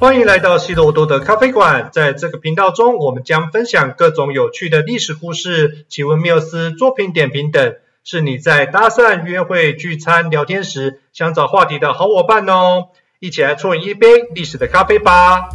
歡迎來到希羅多德的咖啡館。在這個頻道中，我們將分享各種有趣的歷史故事、奇聞妙思、作品點評等，是你在搭訕、約會、聚餐、聊天時想找話題的好伙伴哦！一起來沖一杯歷史的咖啡吧。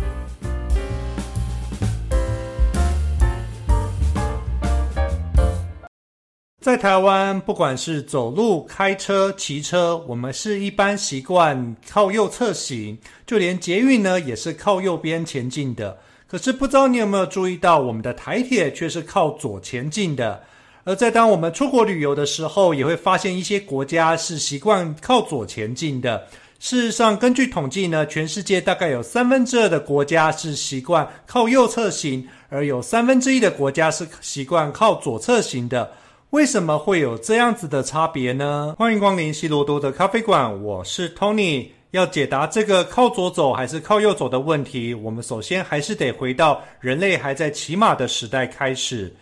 在台灣，不管是走路、開車、騎車，我們是一般習慣靠右側行，就連捷運呢也是靠右邊前進的。可是不知道你有沒有注意到，我們的台鐵卻是靠左前進的。而在當我們出國旅遊的時候，也會發現一些國家是習慣靠左前進的。事實上，根據統計呢，全世界大概有三分之二的國家是習慣靠右側行，而有三分之一的國家是習慣靠左側行的。為什麼會有這樣子的差別呢？歡迎光臨西羅多的咖啡館，我是 Tony。要解答這個靠左走還是靠右走的問題，我們首先還是得回到人類還在騎馬的時代開始。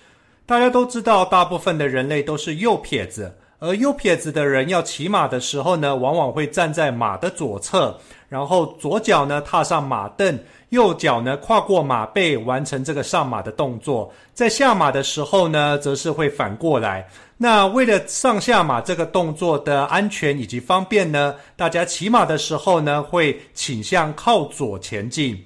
大家都知道，大部分的人類都是右撇子。而右撇子的人要騎馬的時候呢，往往會站在馬的左側，然後左腳呢踏上馬鐙，右腳呢跨過馬背，完成這個上馬的動作。在下馬的時候呢，則是會反過來。那為了上下馬這個動作的安全以及方便呢，大家騎馬的時候呢，會傾向靠左前進。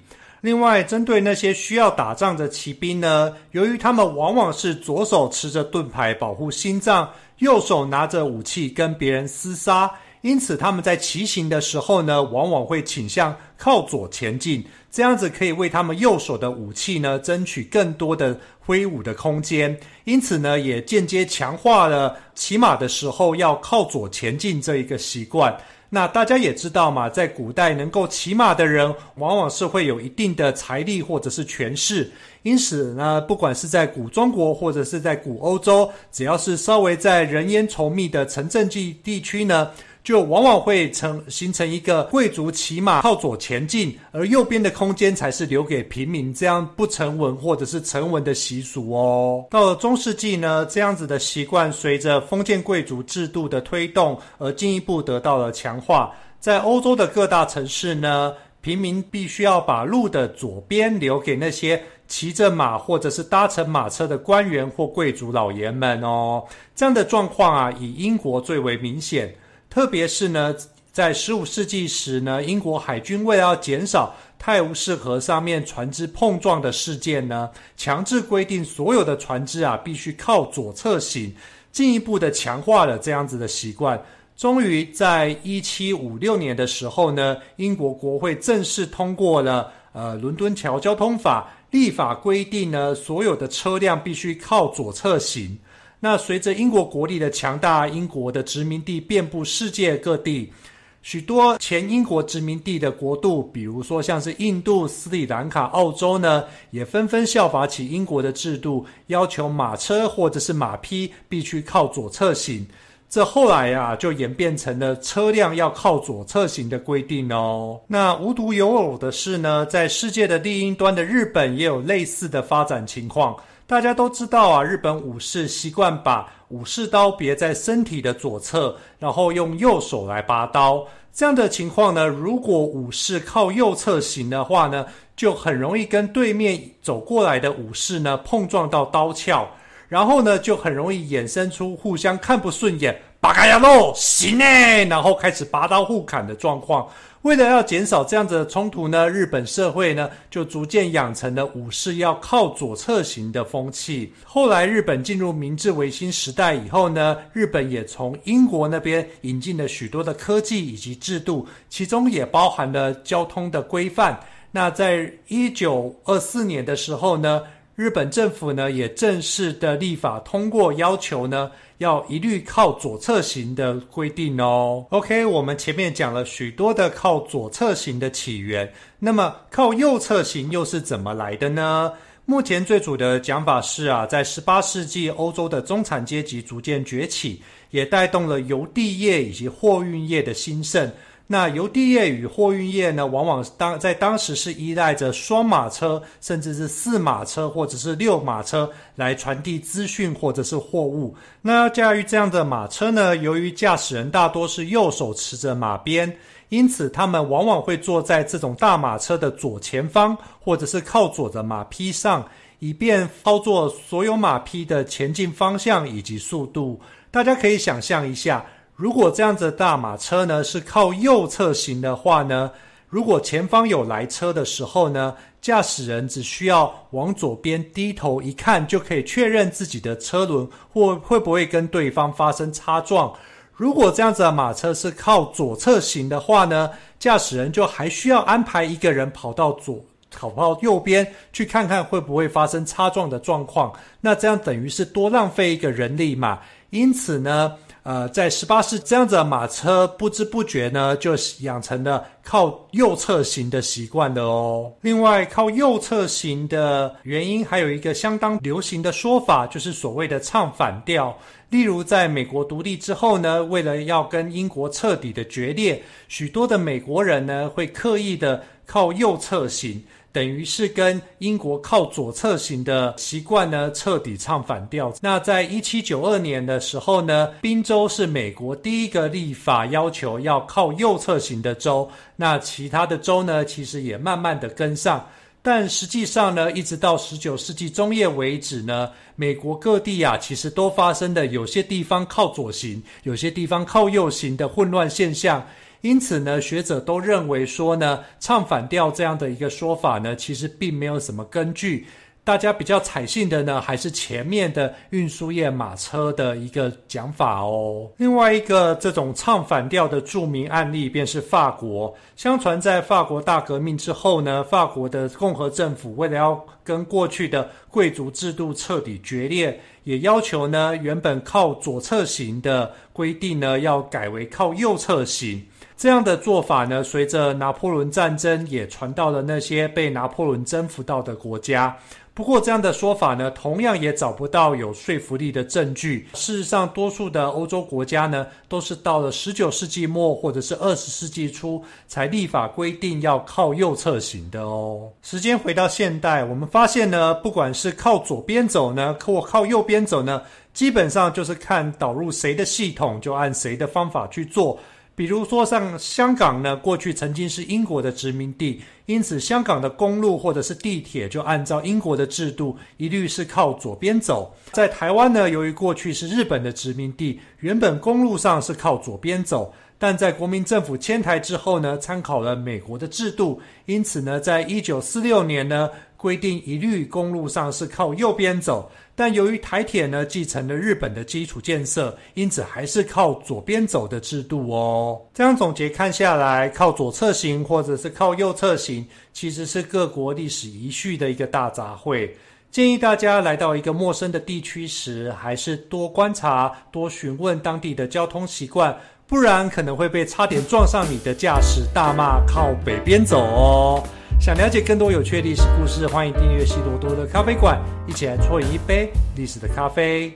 另外，針對那些需要打仗的騎兵呢，由於他們往往是左手持着盾牌保護心臟，右手拿着武器跟別人廝殺，因此他們在騎行的時候呢，往往會傾向靠左前進，這樣子可以為他們右手的武器呢爭取更多的揮舞的空間，因此呢，也間接強化了騎馬的時候要靠左前進這一個習慣。那大家也知道嘛，在古代能夠騎馬的人，往往是會有一定的財力或者是權勢。因此呢，不管是在古中國或者是在古歐洲，只要是稍微在人煙稠密的城鎮地地區呢，就往往會成形成一個貴族騎馬靠左前進，而右邊的空間才是留給平民這樣不成文或者是成文的習俗哦。到了中世紀呢，這樣子的習慣隨着封建貴族制度的推動而進一步得到了強化。在歐洲的各大城市呢，平民必須要把路的左邊留給那些騎着馬或者是搭乘馬車的官員或貴族老爺們哦。這樣的狀況啊，以英國最為明顯。特別是呢，在十五世紀時呢，英國海軍為了要減少泰晤士河上面船隻碰撞的事件呢，強制規定所有的船隻啊必須靠左側行，進一步的強化了這樣子的習慣。終於在一七五六年的時候呢，英國國會正式通過了呃倫敦橋交通法，立法規定呢，所有的車輛必須靠左側行。那隨着英國國力的強大，英國的殖民地遍布世界各地，許多前英國殖民地的國度，比如說像是印度、斯里蘭卡、澳洲呢，也紛紛效法起英國的制度，要求馬車或者是馬匹必須靠左側行。這後來呀、啊，就演變成了車輛要靠左側行的規定哦。那無獨有偶的是呢，在世界的另一端的日本，也有類似的發展情況。大家都知道啊，日本武士習慣把武士刀別在身體的左側，然後用右手來拔刀。這樣的情況呢，如果武士靠右側行的話呢，就很容易跟對面走過來的武士呢碰撞到刀鞘，然後呢就很容易衍生出互相看不順眼。八嘎呀路行哎，然後開始拔刀互砍的狀況。為了要減少這樣子的衝突呢，日本社會呢就逐漸養成了武士要靠左側行的風氣。後來日本進入明治維新時代以後呢，日本也從英國那邊引進了許多的科技以及制度，其中也包含了交通的規範。那在一九二四年的時候呢，日本政府呢也正式的立法通過要求呢。要一律靠左側行的規定哦。OK，我們前面講了許多的靠左側行的起源，那麼靠右側行又是怎麼來的呢？目前最主的講法是啊，在十八世紀歐洲的中產階級逐漸崛起，也帶動了郵遞業以及貨運業的興盛。那郵遞業與貨運業呢，往往當、在當時是依賴着雙馬車，甚至是四馬車或者是六馬車來傳遞資訊或者是貨物。那駕馭這樣的馬車呢，由於駕駛人大多是右手持着馬鞭，因此他們往往會坐在這種大馬車的左前方，或者是靠左的馬匹上，以便操作所有馬匹的前進方向以及速度。大家可以想象一下。如果這樣子的大馬車呢，是靠右側行的話呢，如果前方有來車的時候呢，駕駛人只需要往左邊低頭一看，就可以確認自己的車輪會會不會跟對方發生擦撞。如果這樣子的馬車是靠左側行的話呢，駕駛人就還需要安排一個人跑到左跑到右邊去看看會不會發生擦撞的狀況。那這樣等於是多浪費一個人力嘛？因此呢。呃，在十八世紀這樣子的馬車，不知不覺呢，就養成了靠右側行的習慣了哦。另外，靠右側行的原因還有一個相當流行的說法，就是所謂的唱反調。例如，在美國獨立之後呢，為了要跟英國徹底的決裂，許多的美國人呢，會刻意地靠右側行。等於是跟英國靠左側行的習慣呢，徹底唱反調。那在一七九二年的時候呢，賓州是美國第一個立法要求要靠右側行的州。那其他的州呢，其實也慢慢的跟上。但實際上呢，一直到十九世紀中葉為止呢，美國各地啊，其實都發生的有些地方靠左行，有些地方靠右行的混亂現象。因此呢，學者都認為說呢，唱反調這樣的一個說法呢，其實並沒有什麼根據。大家比較採信的呢，還是前面的運輸業馬車的一個講法哦。另外一個這種唱反調的著名案例，便是法國。相傳在法國大革命之後呢，法國的共和政府為了要跟過去的貴族制度徹底決裂，也要求呢，原本靠左側行的規定呢，要改為靠右側行。這樣的做法呢，隨着拿破崙戰爭也傳到了那些被拿破崙征服到的國家。不過，這樣的說法呢，同樣也找不到有說服力的證據。事實上，多數的歐洲國家呢，都是到了十九世紀末或者是二十世紀初才立法規定要靠右側行的哦。時間回到現代，我們發現呢，不管是靠左邊走呢，或靠右邊走呢，基本上就是看導入誰的系統，就按誰的方法去做。比如說，像香港呢，過去曾經是英國的殖民地，因此香港的公路或者是地鐵就按照英國的制度，一律是靠左邊走。在台灣呢，由於過去是日本的殖民地，原本公路上是靠左邊走，但在國民政府遷台之後呢，參考了美國的制度，因此呢，在一九四六年呢。規定一律公路上是靠右邊走，但由於台鐵呢，繼承了日本的基礎建設，因此還是靠左邊走的制度哦。這樣總結看下來，靠左側行或者是靠右側行，其實是各國歷史遺緒的一個大雜燴。建議大家來到一個陌生的地區時，還是多觀察、多詢問當地的交通習慣，不然可能會被差點撞上你的駕駛大罵“靠北邊走”哦。想了解更多有趣的歷史故事，歡迎訂閱西多多的咖啡館，一起來啜飲一杯歷史的咖啡。